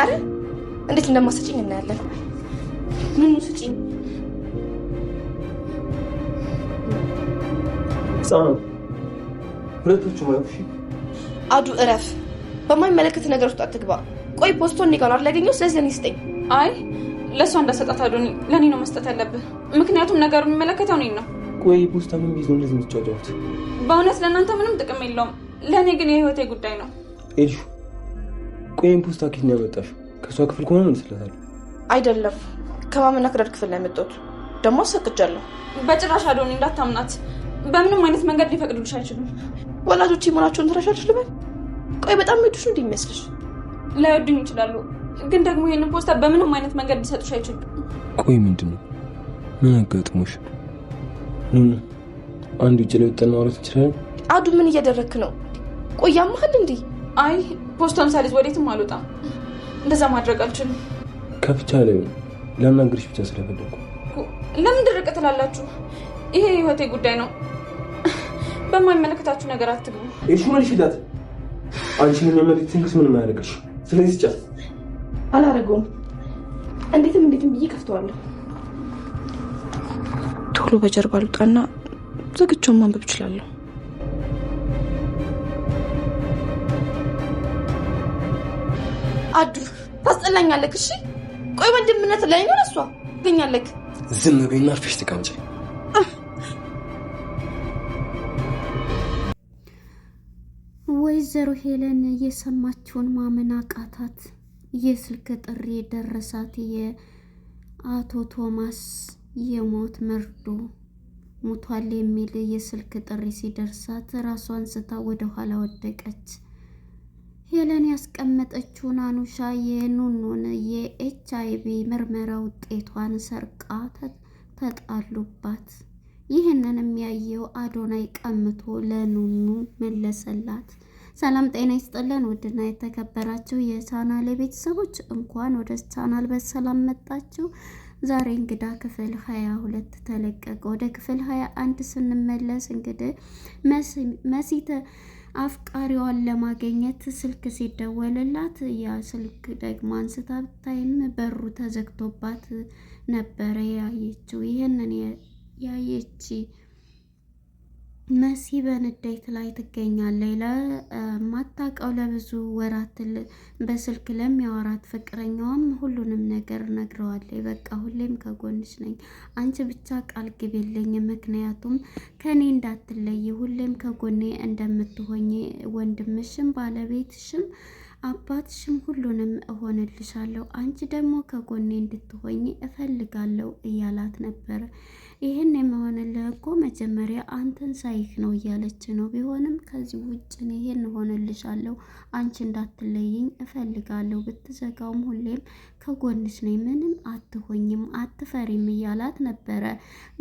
አረ እንዴት እንደማሰጭኝ እናያለን። ምን ስጭኝ ሁለቶቹ አዱ እረፍ። በማይመለከት ነገር ውስጥ አትግባ። ቆይ ፖስቶን ኒቃን አላገኘው። ስለዚህ ለኔ ስጠኝ። አይ ለእሷ እንዳሰጣት አዶኒ፣ ለእኔ ነው መስጠት ያለብህ። ምክንያቱም ነገሩ የሚመለከተው እኔን ነው። ቆይ ፖስታ ምን ቢዞ እንደዚህ የምትጫወጫወት? በእውነት ለእናንተ ምንም ጥቅም የለውም፣ ለእኔ ግን የህይወቴ ጉዳይ ነው። ቆይም ፖስታ ኬት ነው ያመጣሽው? ከእሷ ክፍል ከሆነ ስለታል? አይደለም ከማመና ክረድ ክፍል ነው የመጣሁት። ደግሞ አሰቅጃለሁ። በጭራሽ አዶኒ እንዳታምናት። በምንም አይነት መንገድ ሊፈቅዱልሽ አይችሉም። ወላጆች መሆናቸውን ትረሻለሽ ልበል? ቆይ በጣም ሄዱሽ እንዲ የሚመስልሽ ላይወዱኝ ይችላሉ፣ ግን ደግሞ ይህንን ፖስታ በምንም አይነት መንገድ ሊሰጡሽ አይችሉም። ቆይ ምንድን ነው ምን አጋጥሞሽ? አንድ ውጭ ላይ ወጣን ማውራት እንችላለን። አዱ ምን እያደረግክ ነው? ቆያመሃል እንዲህ አይ ፖስቷን ሳልይዝ ወዴትም አልወጣም። እንደዛ ማድረግ አልችልም። ከፍቻለ ላናግርሽ ብቻ ስለፈለግኩ ለምን ድርቅ ትላላችሁ? ይሄ የህይወቴ ጉዳይ ነው። በማይመለከታችሁ ነገር አትግቡ። ይሹ መልሽላት። አንቺ የሚመለከትን ክስ ምንም አያደርግሽ። ስለዚህ ጫፍ አላደረገውም። እንዴትም እንዴትም ብዬ ከፍተዋለሁ። ቶሎ በጀርባ ልውጣና ዘግቼውን ማንበብ እችላለሁ። አዱ ታስጠላኛለክ። እሺ ቆይ ወንድምነት ላይ ነው እሷ ትገኛለክ። ዝም በይና አርፈሽ ተቀምጪ። ወይዘሮ ሄለን የሰማችውን ማመን አቃታት። የስልክ ጥሪ ደረሳት። የአቶ ቶማስ የሞት መርዶ ሙቷል የሚል የስልክ ጥሪ ሲደርሳት ራሷን ስታ ወደ ኋላ ወደቀች። ሄለን ያስቀመጠችውን አኑሻ የኑኑን የኤች ቪ ምርመራ ውጤቷን ሰርቃ ተጣሉባት። ይህንን የሚያየው አዶናይ ቀምቶ ለኑኑ መለሰላት። ሰላም ጤና ይስጥልን። ውድና የተከበራችሁ የቻናል ቤተሰቦች እንኳን ወደ ቻናል በሰላም መጣችሁ። ዛሬ እንግዳ ክፍል ሀያ ሁለት ተለቀቀ። ወደ ክፍል ሀያ አንድ ስንመለስ እንግዲህ መሲተ አፍቃሪዋን ለማገኘት ስልክ ሲደወልላት ያ ስልክ ደግሞ አንስታ ብታይም በሩ ተዘግቶባት ነበረ ያየችው። ይህንን ያየች መሲ በንዴት ላይ ትገኛለች። ለማታውቀው ለብዙ ወራት በስልክ ለሚያወራት ፍቅረኛዋም ሁሉንም ነገር ነግረዋለች። በቃ ሁሌም ከጎንሽ ነኝ፣ አንቺ ብቻ ቃል ግቢልኝ፣ ምክንያቱም ከኔ እንዳትለይ፣ ሁሌም ከጎኔ እንደምትሆኝ ወንድምሽም ባለቤትሽም አባትሽም ሁሉንም እሆንልሻለሁ፣ አንቺ ደግሞ ከጎኔ እንድትሆኝ እፈልጋለሁ እያላት ነበር። ይህን የመሆንልህ እኮ መጀመሪያ አንተን ሳይህ ነው እያለች ነው። ቢሆንም ከዚህ ውጭ ይህን እሆንልሻለሁ፣ አንቺ እንዳትለይኝ እፈልጋለሁ፣ ብትዘጋውም ሁሌም ከጎንሽ ነኝ፣ ምንም አትሆኝም፣ አትፈሪም እያላት ነበረ።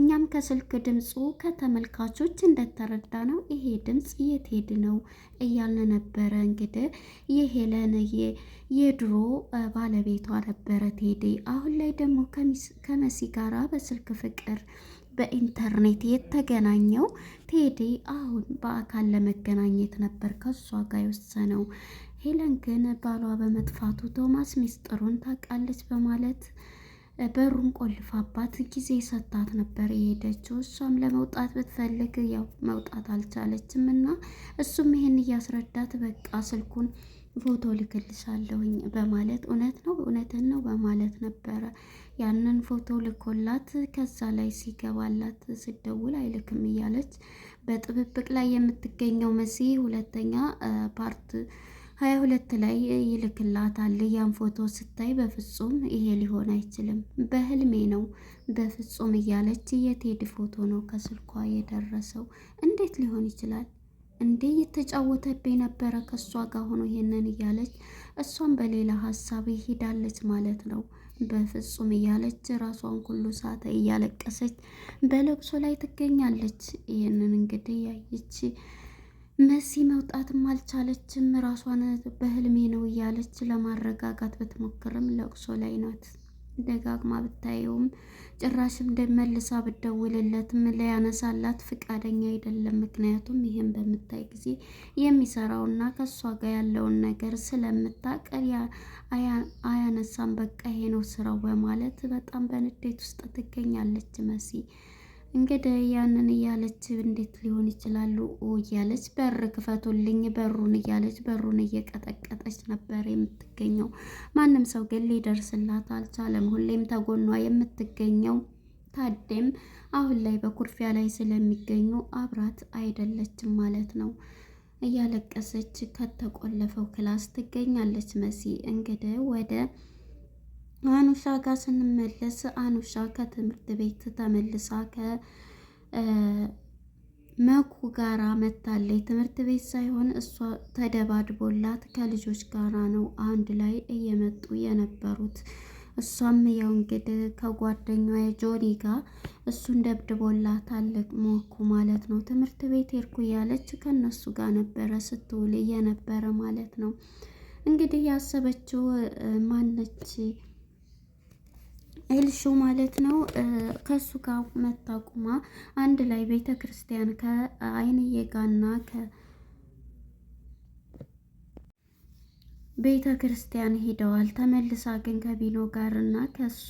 እኛም ከስልክ ድምፁ ከተመልካቾች እንደተረዳ ነው ይሄ ድምፅ የት ሄድ ነው እያልን ነበረ እንግዲህ ይሄ ለነየ የድሮ ባለቤቷ ነበረ ቴዲ። አሁን ላይ ደግሞ ከመሲ ጋራ በስልክ ፍቅር በኢንተርኔት የተገናኘው ቴዲ አሁን በአካል ለመገናኘት ነበር ከሷ ጋር የወሰነው። ሄለን ግን ባሏ በመጥፋቱ ቶማስ ሚስጥሩን ታውቃለች በማለት በሩን ቆልፋባት ጊዜ ሰታት ነበር የሄደችው። እሷም ለመውጣት ብትፈልግ ያው መውጣት አልቻለችም እና እሱም ይሄን እያስረዳት በቃ ስልኩን ፎቶ ልክልሻለሁኝ በማለት እውነት ነው እውነትን ነው በማለት ነበረ ያንን ፎቶ ልኮላት ከዛ ላይ ሲገባላት ስደውል አይልክም እያለች በጥብብቅ ላይ የምትገኘው መሲ ሁለተኛ ፓርት ሀያ ሁለት ላይ ይልክላታል። ያን ፎቶ ስታይ በፍጹም ይሄ ሊሆን አይችልም፣ በህልሜ ነው፣ በፍጹም እያለች የቴድ ፎቶ ነው ከስልኳ የደረሰው። እንዴት ሊሆን ይችላል? እንዴ እየተጫወተብኝ ነበረ ከእሷ ጋር ሆኖ ይሄንን እያለች እሷም በሌላ ሀሳብ ይሄዳለች ማለት ነው። በፍጹም እያለች ራሷን ሁሉ ሳተ እያለቀሰች በለቅሶ ላይ ትገኛለች። ይህንን እንግዲህ ያየች መሲ መውጣትም አልቻለችም። ራሷን በህልሜ ነው እያለች ለማረጋጋት ብትሞክርም ለቅሶ ላይ ናት። ደጋግማ ብታየውም ጭራሽም መልሳ ብደውልለትም ሊያነሳላት ፍቃደኛ አይደለም። ምክንያቱም ይህን በምታይ ጊዜ የሚሰራውና ከእሷ ጋር ያለውን ነገር ስለምታቅ አያነሳም። በቃ ይሄ ነው ስራው በማለት በጣም በንዴት ውስጥ ትገኛለች መሲ። እንግዲህ ያንን እያለች እንዴት ሊሆን ይችላሉ እያለች በር ክፈቱልኝ በሩን እያለች በሩን እየቀጠቀጠች ነበር የምትገኘው። ማንም ሰው ግን ሊደርስላት አልቻለም። ሁሌም ተጎኗ የምትገኘው ታዴም አሁን ላይ በኩርፊያ ላይ ስለሚገኙ አብራት አይደለችም ማለት ነው። እያለቀሰች ከተቆለፈው ክላስ ትገኛለች። መሲ እንግዲህ ወደ አኑሻ ጋር ስንመለስ አኑሻ ከትምህርት ቤት ተመልሳ ከመኩ ጋራ መታለች። ትምህርት ቤት ሳይሆን እሷ ተደባድቦላት ከልጆች ጋራ ነው አንድ ላይ እየመጡ የነበሩት። እሷም ያው እንግዲህ ከጓደኛ የጆኒ ጋር እሱን ደብድቦላታል ሞኩ ማለት ነው። ትምህርት ቤት ሄድኩ እያለች ከነሱ ጋር ነበረ ስትውል እየነበረ ማለት ነው። እንግዲህ ያሰበችው ማነች ኤልሾ ማለት ነው ከሱ ጋር መታቁማ አንድ ላይ ቤተ ክርስቲያን ከአይንዬ ጋና ቤተ ክርስቲያን ሄደዋል። ተመልሳ ግን ከቢኖ ጋር እና ከሷ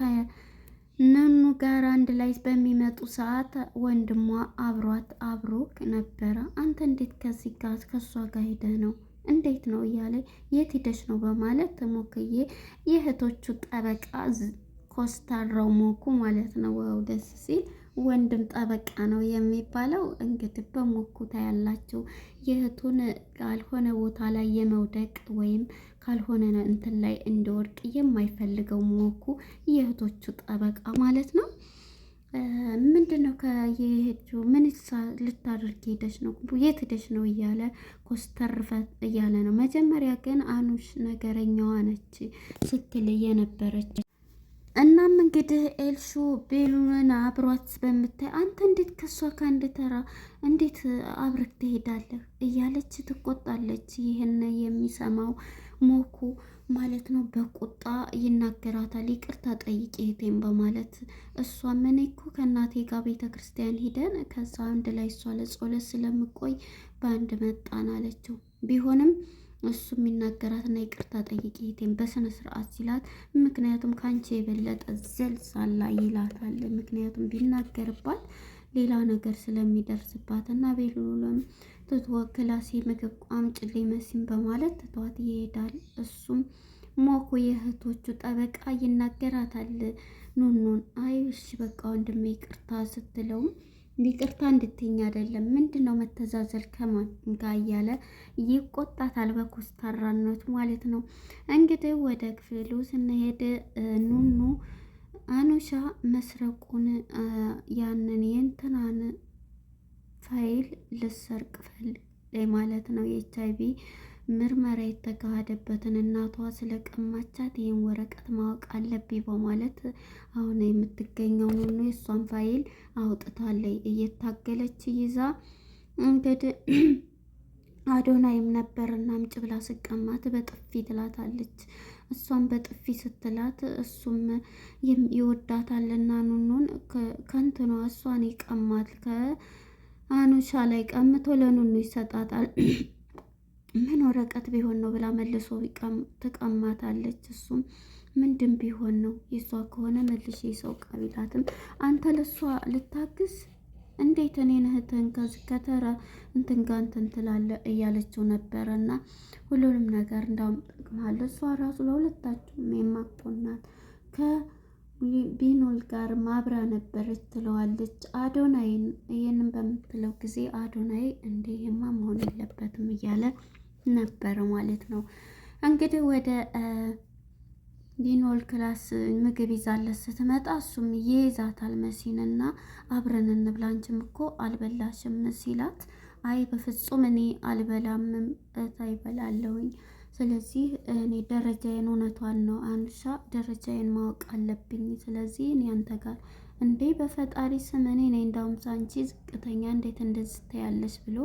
ከነኑ ጋር አንድ ላይ በሚመጡ ሰዓት ወንድሟ አብሯት አብሮ ነበረ። አንተ እንዴት ከዚህ ጋር ከእሷ ጋር ሄደህ ነው እንዴት ነው እያለ የት ሂደሽ ነው በማለት ሞክዬ የእህቶቹ ጠበቃ ኮስታራው ሞኩ ማለት ነው። ዋው ደስ ሲል ወንድም ጠበቃ ነው የሚባለው። እንግዲህ በሞኩ ታያላችሁ የእህቱን ካልሆነ ቦታ ላይ የመውደቅ ወይም ካልሆነ እንትን ላይ እንዲወድቅ የማይፈልገው ሞኩ የእህቶቹ ጠበቃ ማለት ነው። ምንድን ነው ከየሄደችው? ምን ልታደርግ ሄደች ነው? የት ሄደች ነው እያለ ኮስተር እያለ ነው። መጀመሪያ ግን አኑሽ ነገረኛዋ ነች ስትል የነበረች እናም እንግዲህ ኤልሹ ቤሉንን አብሯት በምታይ አንተ እንዴት ከሷ ከአንድ ተራ እንዴት አብረክ ትሄዳለህ እያለች ትቆጣለች። ይህን የሚሰማው ሞኩ ማለት ነው በቁጣ ይናገራታል። ይቅርታ ጠይቂ እህቴን በማለት እሷ ምን እኮ ከእናቴ ጋር ቤተ ክርስቲያን ሂደን ከዛ አንድ ላይ እሷ ለጸሎት ስለምቆይ በአንድ መጣን አለችው። ቢሆንም እሱ የሚናገራትና ይቅርታ ጠይቂ እህቴን በስነ ስርዓት ሲላት፣ ምክንያቱም ከአንቺ የበለጠ ዘልዛላ ይላታል። ምክንያቱም ቢናገርባት ሌላ ነገር ስለሚደርስባት እና ቤሉልም ትቶ ክላሴ ምግብ አምጪልኝ መሲም በማለት ትቷት ይሄዳል። እሱም ሞኮ የእህቶቹ ጠበቃ ይናገራታል። ኑኑን አይ እሺ በቃ ወንድሜ ይቅርታ ስትለውም ይቅርታ እንድትኝ አይደለም ምንድን ነው መተዛዘል ከማን ጋ እያለ ይቆጣታል። በኮስታራነት ማለት ነው። እንግዲህ ወደ ክፍሉ ስንሄድ ኑኑ አኑሻ መስረቁን ያንን የእንትናን ፋይል ልሰርቅ ፈልጌ ማለት ነው። የኤች አይ ቪ ምርመራ የተካሄደበትን እናቷ ስለ ቀማቻት ይህን ወረቀት ማወቅ አለብኝ በማለት አሁን የምትገኘው ኑ የእሷን ፋይል አውጥታለይ እየታገለች ይዛ እንግዲህ አዶናይም ነበር እና አምጪ ብላ ስቀማት በጥፊ ትላታለች። እሷም በጥፊ ስትላት እሱም ይወዳታልና ኑኑን ከንትኗ እሷን ይቀማል ከ አኑሻ ላይ ቀምቶ ለኑኑ ይሰጣታል። ምን ወረቀት ቢሆን ነው ብላ መልሶ ትቀማታለች። እሱም ምንድን ቢሆን ነው የሷ ከሆነ መልሽ የሰው ቀቢላትም አንተ ለሷ ልታግዝ እንዴት እኔን እህትህን ከዚህ ከተራ እንትን ጋር እንትን ትላለህ እያለችው ነበረ እና ሁሉንም ነገር እንዳውም ጠቅማለ እሷ ራሱ ለሁለታችሁ የማቆናት ከ ቢኖል ጋር ማብራ ነበረች ትለዋለች። አዶናይን ይህንን በምትለው ጊዜ አዶናይ እንዴ ይህማ መሆን የለበትም እያለ ነበረ ማለት ነው። እንግዲህ ወደ ቢኖል ክላስ ምግብ ይዛለት ስትመጣ እሱም ይይዛታል መሲንና አብረን እንብላ አንቺም እኮ አልበላሽም ሲላት አይ በፍጹም እኔ አልበላምም እታ ይበላለሁኝ ስለዚህ እኔ ደረጃዬን እውነቷን ነው አንሻ ደረጃዬን ማወቅ አለብኝ። ስለዚህ እኔ አንተ ጋር እንዴ በፈጣሪ ስም እኔ ነኝ እንዳውም ሳንቺ ዝቅተኛ እንዴት እንደዚህ ትያለሽ ብሎ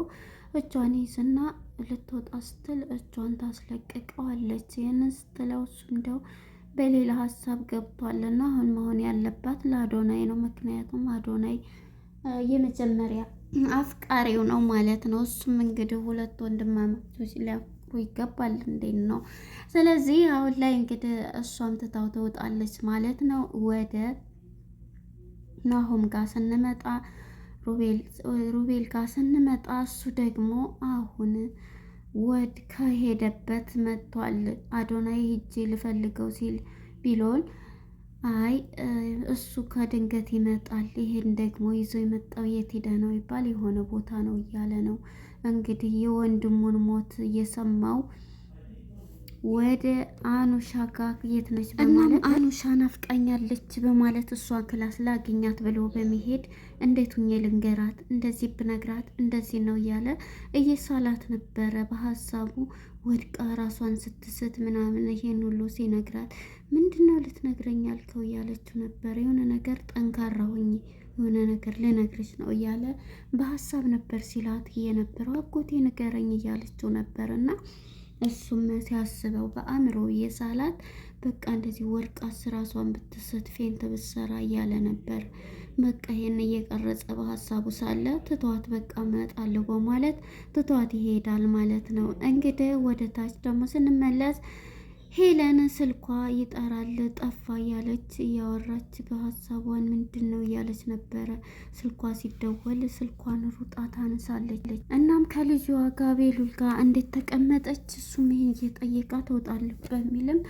እጇን ይዝና ልትወጣ ስትል እጇን ታስለቅቀዋለች። ይህንን ስትለው እሱ እንደው በሌላ ሀሳብ ገብቷልና አሁን መሆን ያለባት ለአዶናይ ነው። ምክንያቱም አዶናይ የመጀመሪያ አፍቃሪው ነው ማለት ነው። እሱም እንግዲህ ሁለት ወንድማማቾች ሊያደርጉ ይገባል እንዴት ነው? ስለዚህ አሁን ላይ እንግዲህ እሷም ትታው ትወጣለች ማለት ነው። ወደ ናሆም ጋር ስንመጣ ሩቤል ጋር ስንመጣ እሱ ደግሞ አሁን ወድ ከሄደበት መጥቷል። አዶናይ ሂጄ ልፈልገው ሲል ቢሎል አይ እሱ ከድንገት ይመጣል፣ ይሄን ደግሞ ይዞ የመጣው የት ሄደ ነው ይባል የሆነ ቦታ ነው እያለ ነው እንግዲህ የወንድሙን ሞት እየሰማው ወደ አኑሻ ጋር የት ነች በማለት አኑሻ ናፍቃኛለች በማለት እሷን ክላስ ላገኛት ብሎ በመሄድ እንዴት ሁኜ ልንገራት፣ እንደዚህ ብነግራት እንደዚህ ነው እያለ እየሳላት ነበረ። በሀሳቡ ወድቃ ራሷን ስትስት ምናምን ይሄን ሁሉ ሲነግራት ምንድነው ልትነግረኝ ያልከው እያለችው ነበረ የሆነ ነገር ጠንካራ ሁኝ የሆነ ነገር ልነግርሽ ነው እያለ በሀሳብ ነበር ሲላት እየነበረው አጎቴ ንገረኝ እያለችው ነበር እና እሱም ሲያስበው በአእምሮ የሳላት በቃ እንደዚህ ወድቃ ራሷን ብትስት ፌንት ብትሰራ እያለ ነበር። በቃ ይሄን እየቀረጸ በሀሳቡ ሳለ ትቷት በቃ እመጣለሁ በማለት ትቷት ይሄዳል ማለት ነው። እንግዲህ ወደ ታች ደግሞ ስንመለስ ሄለን ስልኳ ይጠራል ጠፋ እያለች እያወራች በሀሳቧን ምንድን ነው እያለች ነበረ። ስልኳ ሲደወል ስልኳን ሩጣ ታነሳለች። እናም ከልጅዋ ጋር ቤሉል ጋር እንዴት ተቀመጠች እሱም ይሄን እየጠየቃ ትወጣለች በሚልም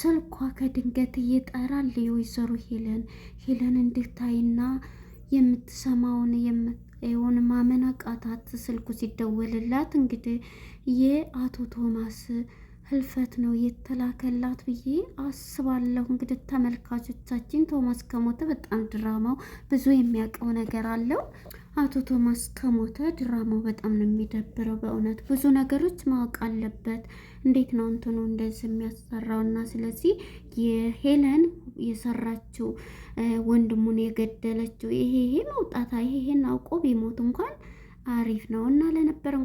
ስልኳ ከድንገት እየጠራል የወይዘሮ ሄለን ሄለን እንድታይና የምትሰማውን የምታየውን ማመን አቃታት። ስልኩ ሲደወልላት እንግዲህ የአቶ ቶማስ ህልፈት ነው የተላከላት ብዬ አስባለሁ። እንግዲህ ተመልካቾቻችን ቶማስ ከሞተ በጣም ድራማው ብዙ የሚያውቀው ነገር አለው። አቶ ቶማስ ከሞተ ድራማው በጣም ነው የሚደብረው። በእውነት ብዙ ነገሮች ማወቅ አለበት። እንዴት ነው እንትኑ እንደዚህ የሚያሰራው? እና ስለዚህ የሄለን የሰራችው ወንድሙን የገደለችው ይሄ ይሄ መውጣታ ይሄ ይሄን አውቆ ቢሞት እንኳን አሪፍ ነው እና ለነበረው